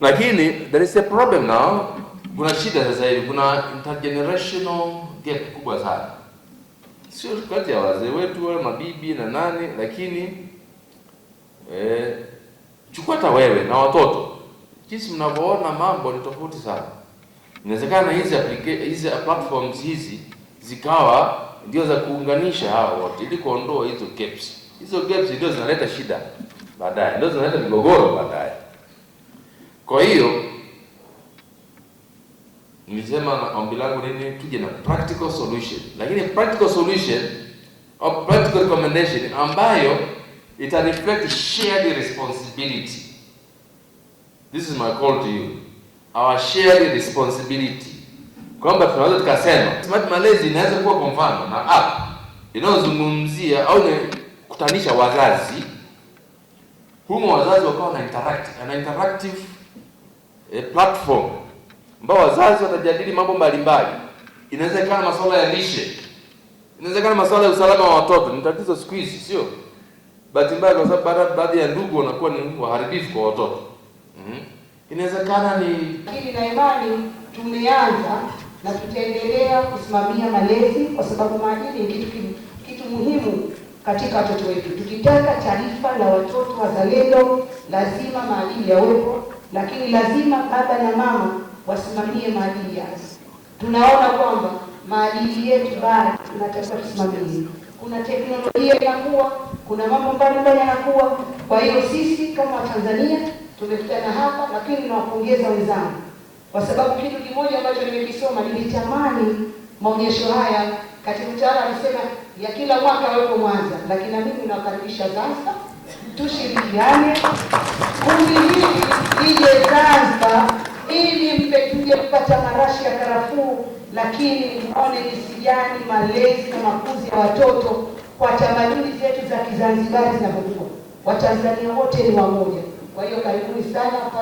Lakini there is a problem now, kuna shida sasa hivi, kuna intergenerational gap kubwa sana, sio kati ya wazee wetu wale mabibi na nani, lakini eh, chukua hata wewe na watoto, jinsi mnavyoona mambo ni tofauti sana. Inawezekana hizi hizi platforms hizi zikawa ndio za kuunganisha hao wote ili kuondoa hizo gaps. Hizo gaps ndio zinaleta shida baadaye, ndio zinaleta migogoro baadaye. Kwa hiyo nilisema na ombi langu nini, tuje na practical solution, lakini practical solution au practical recommendation ambayo ita reflect shared responsibility. This is my call to you, our shared responsibility, kwamba tunaweza tukasema smart malezi inaweza kuwa kwa mfano na app inayozungumzia au kutanisha wazazi humo, wazazi wakawa na na interactive e, platform ambao wazazi watajadili mambo mbalimbali. Inaweza ikawa masuala ya lishe, inawezekana masuala ya usalama wa watoto ni tatizo siku hizi, sio bahati mbaya, kwa sababu baadhi ya ndugu wanakuwa ni waharibifu kwa watoto mm -hmm. Inawezekana ni lakini, na imani tumeanza na tutaendelea kusimamia malezi, kwa sababu maadili ni kitu, kitu muhimu katika watoto wetu. Tukitaka taarifa la watoto wazalendo, lazima maadili yawepo lakini lazima baba na mama wasimamie maadili yao. Tunaona kwamba maadili yetu bado tunatakiwa tusimamie. Kuna teknolojia inakuwa, kuna mambo mbalimbali yanakuwa. Kwa hiyo sisi kama Watanzania tumekutana hapa, lakini nawapongeza wenzangu kwa sababu kitu kimoja ambacho nimekisoma, nilitamani maonyesho haya. Katibu tawala alisema ya kila mwaka wako Mwanza, lakini na mimi nawakaribisha sasa, tushirikiane kundi hii ije Zanzibar ili mpetuge kupata marashi ya karafuu, lakini mone jinsi gani malezi na makuzi ya watoto kwa tamaduni zetu za Kizanzibari zinavyokuwa. Watanzania wote ni wamoja. Kwa hiyo karibuni sana.